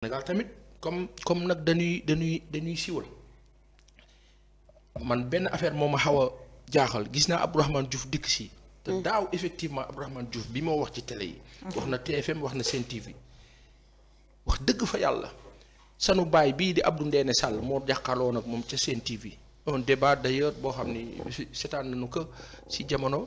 Sénégal tamit comme comme nag dañuy dañuy dañuy siwal man benn affaire moo ma xaw a jaaxal gis naa Abdourahmane Diouf dikk si. te mm. daaw effectivement Abdourahmane Diouf bi moo wax ci télé yi. Mm-hmm. wax na TFM wax na Sen TV wax dëgg fa yàlla sanu baay bii di Abdou Ndéné sàll moo jàkkaarloo nag moom ca Sen TV. un débat d'ailleurs boo xam ni seetaan nañu ko ci jamono.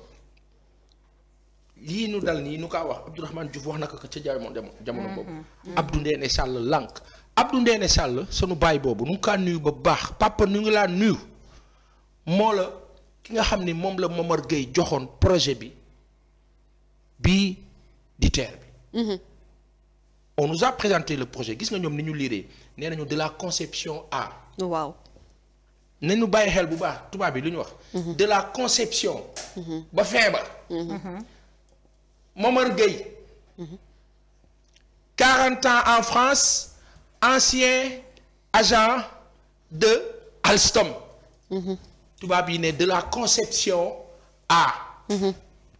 lii nu dal nii nu kaa wax Abdourahmane Diouf wax na ko ca jamono jamono mm-hmm. boobu. Mm-hmm. Abdou Ndéné Sall lànk Abdou Ndéné Sall sunu baay boobu nu ngi kaa nuyu ba baax papa nu ngi laa nuyu moo ki nga xam ni moom la Momar Gueye joxoon projet bi bii di terre bi. Mm-hmm. on nous a présenté le projet gis nga ñoom ni ñu liiree nee nañu de la conception a waaw. na ñu bàyyi xel bu baax tubaab bi lu ñu wax. de la conception. ba fin ba. Momar Gueye. 40 ans en France ancien agent de Alstom. tubaab yi ne de la conception a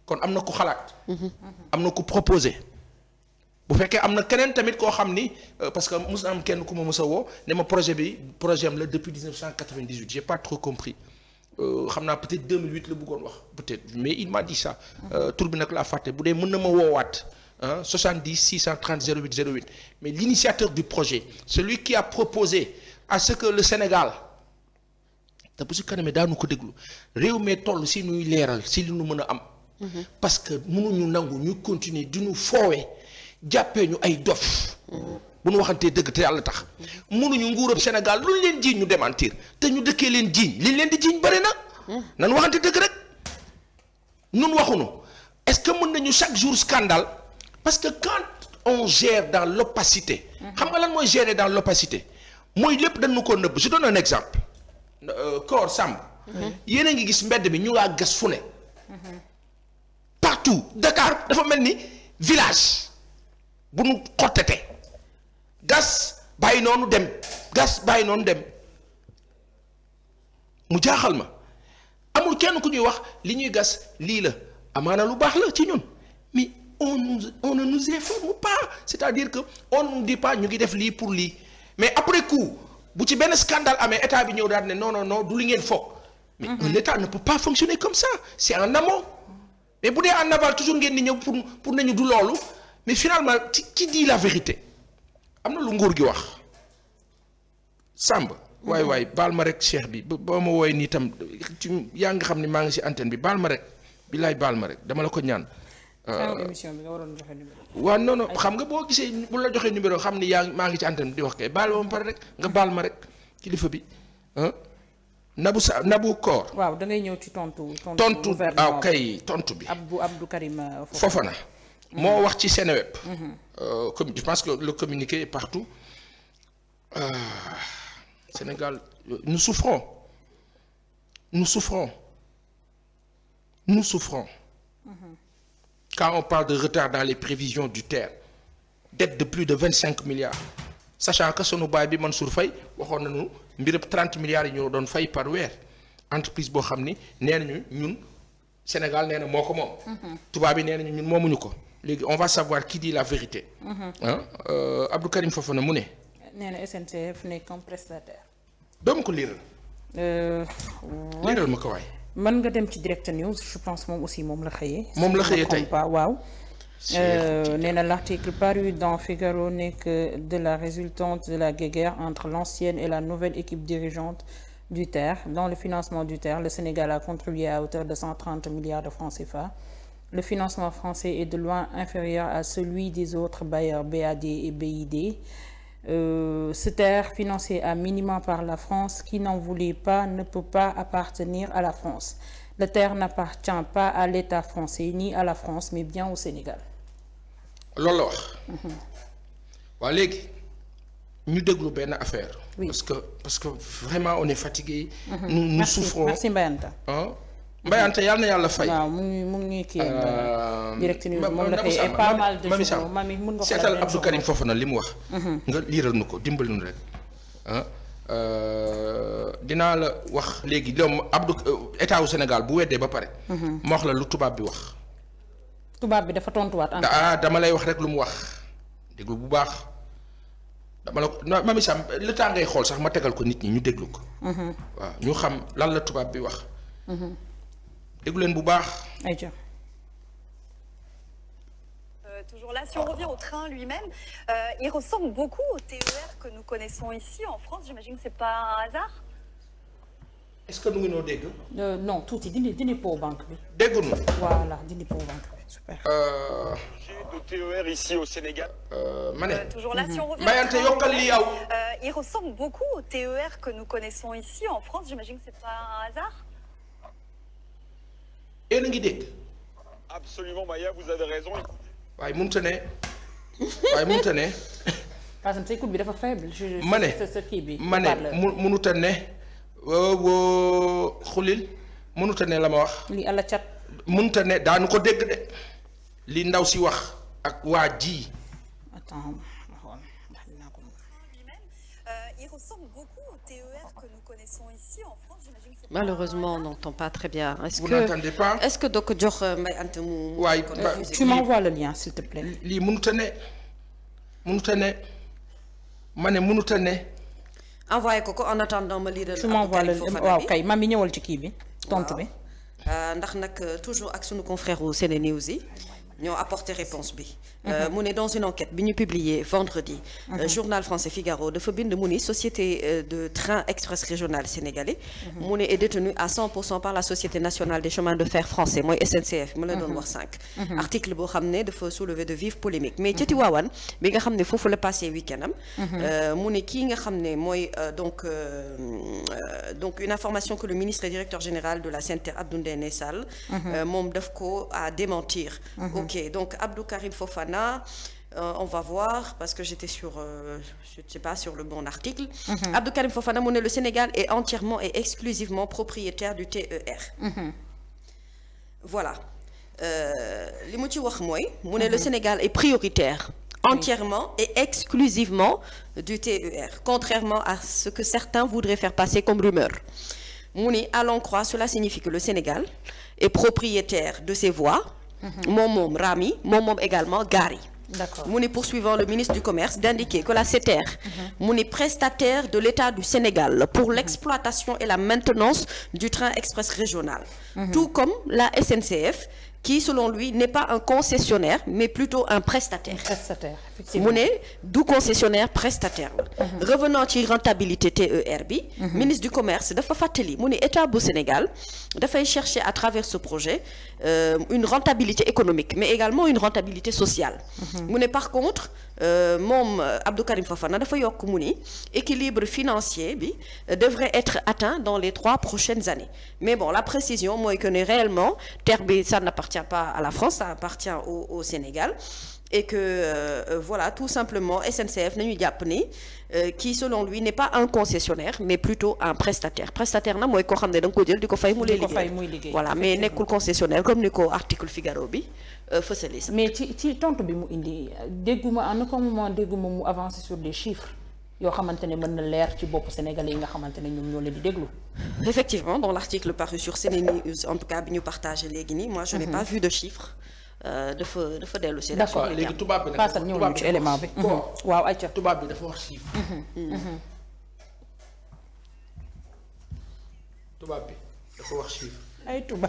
kon am na ku xalaat. am na ku proposé. bu fekkee am na keneen tamit koo xam ni euh, parce que mos am kenn ku ma mos a woo ne ma projet bi projet am la depuis 1998 pas trop compris. Euh, xam naa peut-être 2008 la bëggoon wax peut-être mais il m'a dit ça. Euh, tur bi nag laa fàtte bu dee mën na ma woowaat. ah 70 630 08 08 mais l'initiateur du projet celui qui a proposé à que le Sénégal te bu si kanamee daanu ko déglu réew mi toll si nuy leeral si li nu mën a am. Mhm. parce que mënuñu nangu ñu continuer du ñu foowee jàppee ñu ay dof. Mhm. bu nu waxantee dëgg te yàlla tax mënuñu nguurab Sénégal lu ñu leen jiiñ ñu démentir te ñu dëkkee leen jiiñ liñ leen di jiiñ bëri na. nan waxante dëgg rek nun waxuñu est-ce que mën nañu chaque jour scandale parce que quand on gère dans l'opacité xam nga lan mooy gérer dans l'opacité mooy lépp dañu ko nëbb je donne un exemple. Euh, Koor Samb. yéen a ngi gis mbedd bi ñu waa gas fu ne. partout Dakar dafa mel ni village bu nu xottatee. gas bàyyi noonu dem gas bàyyi noonu dem mu jaaxal ma amul kenn ku ñuy wax li ñuy gas lii la amaana lu baax la ci ñun mais on nous on ne nous informe pas c'est-à-dire que on ne dit pas ñu ngi def lii pour lii mais après coup bu ci benn scandale amee état bi ñëw daal ne non non non du li ngeen foog. mais l'État mm-hmm. ne peut pas fonctionner comme ça c'est en amont. mais bu dee en aval toujours ngeen di ñëw pour pour nañu du loolu mais finalement ci dit la vérité. am na lu nguur gi wax sàmb waaye waaye baal ma rek cheikh bi boo ma wooy nii tam ci yaa nga xam ne maa ngi si antenne bi baal ma rek billaay baal ma rek dama la ko ñaan. émission bi nga waroon joxe numéro. waaw non xam nga boo gisee bu la joxee numéro xam ni yaa maa ngi ci antenne bi di wax kay baal ma pare rek nga baal ma rek kilifa bi ah, nabu sa nabu koor. waaw da ngay ñëw ci tontu. tontu tontu ah kay tontu bi. Abdou Abdou Karim euh, Fofana. moo wax ci Seneweb. Euh, comme je pense que le communiqué est partout euh, Sénégal nous souffrons nous souffrons nous souffrons. quand on parle de retard dans les prévisions du TER dette de plus de vingt cinq milliards sachant que sunu baay bi man Mansour Faye waxoon nañu mbirëb trente milliards yi ñu doon fay par weer entreprise boo xam ni nee nañu ñun senegal nee na moo ko moom. Mhm. tubaab yi nee nañu ñun moomuñu ko. léegi on va savoir qui dit la vérité. ah Abdou Karim Fofana mu ne. nee na SNCF nekk comme prestataire. doo ma ko liiral. Euh, liiral nga dem ci direct news je pense moom aussi moom la xëyee. moom la xëyee tey waaw. Euh, nee na l'article paru dans Figaro nekk de la résultante de la guéguerre entre l'ancienne et la nouvelle équipe dirigeante du TER dans le financement du TER le Sénégal a contribué à hauteur de cent trente milliards de francs CFA. Le financement français est de loin inférieur à celui des autres bailleurs BAD et BID. Euh, ce terre financé à minima par la France, qui n'en voulait pas, ne peut pas appartenir à la France. La terre n'appartient pas à l'État français ni à la France, mais bien au Sénégal. loolu la wax. waa affaire. parce que vraiment on est fatigué. Mhm. nous souffrons Mbayante yàlla na yàlla fay. waaw mu ngi mu ngi kii euh, direct news moom la tey et pas mal de journaux mami seetal Abdou Karim Fofana li mu wax. Mhm. nga liiral nu ko dimbali nu rek ah, euh, dinaa la wax léegi doom Abdou euh, état wu bu weddee ba pare. Mhm. ma wax la lu tubaab bi wax. tubaab bi dafa tontuwaat encore. ah dama lay wax rek lu mu wax déglu bu baax dama la ko mami Sam xool sax ma tegal ko nit ñi ñu déglu ko. Mhm. ñu xam lan la tubaab bi wax. déglu leen bu baax. Euh, toujours là. Si on revient au train lui-même, euh, il ressemble beaucoup au TER que nous connaissons ici en France. J'imagine que c'est pas un hasard. Est-ce que mu ngi noo dégg. Euh, non tuuti dindi dindi pour banque bi. dégguñu. voilà dindi pour banque bi super. Euh, de TER ici au Sénégal. ma ne. toujours là si on mhm. revient. Mayante yokkal li yow. il ressemble beaucoup au TER que nous connaissons ici en France. J'imagine que c'est pas un hasard. yéen a ngi dégg. absolument Maya vous waaye mënut a ne waaye mënut a ne. parce que coupe bi dafa faible. ma ne ma ne mu mënut a ne. woo xulil mënut a ne la ma wax. li ala a ne daanu ko dégg de. li ndaw si wax ak waa ji. ressemble beaucoup au TER que nous connaissons ici en France. Malheureusement, n'entend pas très bien. Est-ce que, n'entendez pas Est-ce que Dok Dior euh, ouais, bah, Tu m'envoies le lien, s'il te plaît. Li Mounutane. Mounutane. Mane Mounutane. Envoyez Coco en attendant ma lire Tu m'envoies le lien. Ah, ok, mami, ñëwal ci kii bi. Tontu bi. Euh, ndax nag euh, toujours ak sunu confrère wu ñoo apporté réponse bi euh, mu dans une enquête vendredi mhm. euh, journal français Figaro dafa bind mu ni société euh, de train express régional sénégalais mhm. mu est détenu à par la société nationale des chemins de fer français mooy SNCF ma la doon mhm. wax cinq article boo xam ne dafa soulever de vives polémiques mais ci Tivaouane bi nga xam ne foofu la passé week-end am mu ne kii ne mooy donc donc une information que le ministre et directeur général de la SNTR Abdou Ndéné Sall moom daf à démentir ok, donc Abdou Karim Fofana, euh, on parce que j'étais sur, euh, je sais pas, sur le bon article. Mm -hmm. Abdou Karim Fofana, monnaie le Sénégal est entièrement et exclusivement propriétaire du TER. Mhm. Voilà. Euh, li mu ci wax mooy. mu le mhm. Sénégal est prioritaire. entièrement et exclusivement du TER, contrairement à ce que certains voudraient faire passer comme rumeur. Mouni, à croire, cela signifie que le Sénégal est propriétaire de ses voies, Mm-hmm. moom moom raam yi moom moom également gaar yi D'accord. mu ni poursuivant le ministre du commerce d'indiquer que la SETER mm-hmm. mu mm ni -hmm. prestataire de l'État du Sénégal pour mm-hmm. l'exploitation et la maintenance du train express régional mm -hmm. tout comme la SNCF qui selon lui n'est pas un concessionnaire mais plutôt un prestataire. prestataire effectivement mu ne du concessionnaire prestataire la. Mhm. revenant ci rentabilité TER bi. Mhm. ministre du commerce dafa fàttali mu ne état bu Sénégal dafay chercher à travers ce projet euh, une rentabilité économique mais également une rentabilité sociale. Mhm. mu ne par contre. Euh, moom euh, Abdou Karim Fofana dafa yokk mu ni équilibre financier bi euh, devrait être atteint dans les trois prochaines années mais bon la précision mooy que ne réellement terre bi ça n'appartient pas à la France ça appartient au au Sénégal et que euh, euh, voilà tout simplement SNCF nañu jàpp ni euh, qui selon lui n'est pas un concessionnaire mais plutôt un prestataire prestataire na mooy koo xam ne danga nga ko jël di ko fay mu lay liggéey voilà mais nekkul concessionnaire comme ni ko article Figaro bi euh, mais ci ci tontu bi mu indi dégguma en aucun moment dégguma mu avancer sur des chiffres yoo xamante ne mën na leer ci bopp sénégalais yi nga xamante ne ñoom ñoo leen di déglu. effectivement dans l'article paru sur CNews en Euh, dafa dafa dellu si. d'accord léegi tubaab bi nag paasal ñëw ñu ci waaw tubaab bi dafa wax chiffre. Mhm. Mm-hmm. Mm-hmm. tubaab bi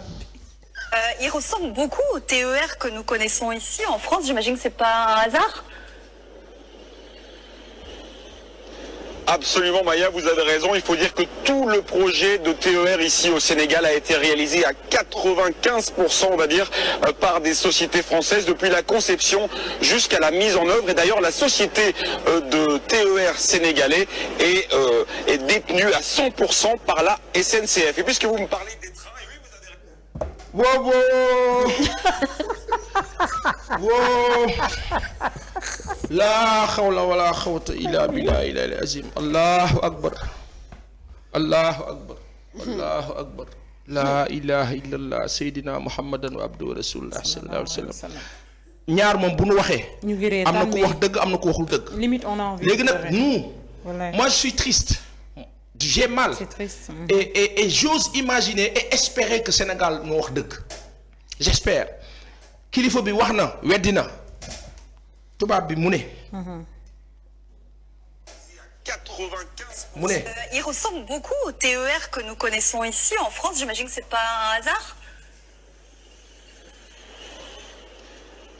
euh, il ressemble beaucoup au TER que nous connaissons ici en France j'imagine que c'est pas un hasard. Absolument, Maya, vous avez raison. Il projet de TER ici au Sénégal a été réalisé à on va dire, euh, par la conception jusqu'à la mise en œuvre. Et la société euh, de TER sénégalais est, euh, est détenue à 100% la laa xawla wala xawta illa billahi ilahi al azim allahu akbar allahu akbar allahu akbar laa ilaha illa allah seydina muhammadan wa abdu wa rasulullah sallallahu wa sallam ñaar moom bu nu waxee am na ku wax dëgg am na ku waxul dëgg limite léegi nag nous moi je suis triste mm. j'ose imaginer espérer que Sénégal moo wax dëgg j'espère kilifa bi wax na weddi tubaab bi mu ne. Mhm. mu ne. Euh,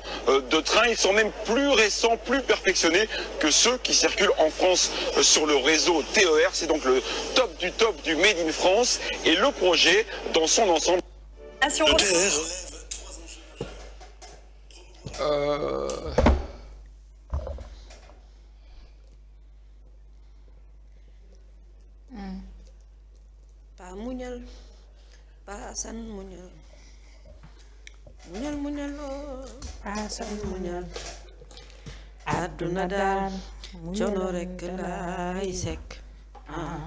génération euh, de trains. Ils sont même plus récents, plus perfectionnés que ceux qui circulent en France euh, sur le réseau TER. C'est donc le top du top du Made in France et le projet dans son ensemble. E euh... Mmh. Pas muñal muñal loo oh. ah, muñal àdduna daal coono rekk ah, ah,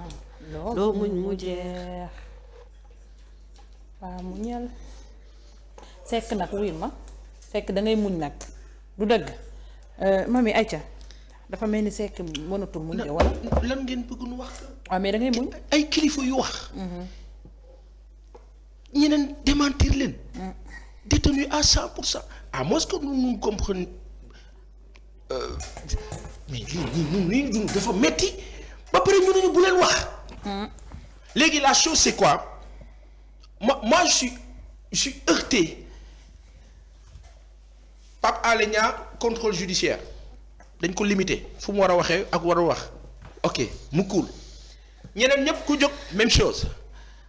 muñ mu jeex waaw muñal sekk nag wuyul ma sekk dangay muñ nag du dëgg eh, ma ay ca dafa mel ni sekk mënatul muñ de wala lan ngeen bëgg wax waaw mais dangay muñ ay kilifa yu wax mm-hmm. ñeneen démentir leen mm. détenu à 100 pour cent à moins que nous nous comprenions euh, mais ñun ñun ñun dafa metti ba pare ñu ne ñu bu leen wax. Hmm. léegi la chose c'est quoi moi moi je suis je suis heurté Pape Alé judiciaire dañ ko limité fu mu war a waxee ak war a wax ok mu cool ñeneen ñëpp ku jóg même chose.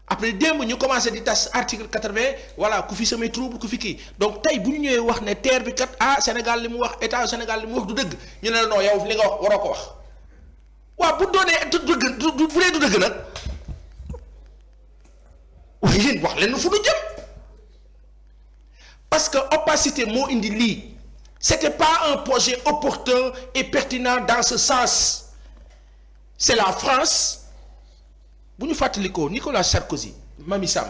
après démb ñu commencé di tas article quatre-vingt voilà ku fi samay trouble ku fi ki donc tey bu ñu ñëwee wax ne terre bi kat ah Sénégal li mu wax état Sénégal li mu wax du dëgg ñu ne la non yow li nga wax waroo ko wax waa bu doonee du dëgg du bu du dëgg nag waaye leen fu du jëm parce que opacité moo indi lii c'était pas un projet opportun et pertinant dans ce sens c'est la France. bu ñu fàttalikoo Nicolas Sarkozy Mami Sam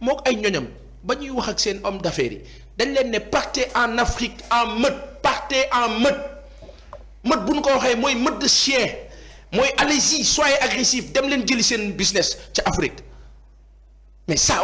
mook ay ñoñam ba ñuy wax ak seen homme d'affaires yi dañ leen ne partez en Afrique en meute partez en meute meute bu ñu ko waxee mooy meute de chien mooy allez-y soyez agressif dem leen jëli seen business ca Afrique mais ça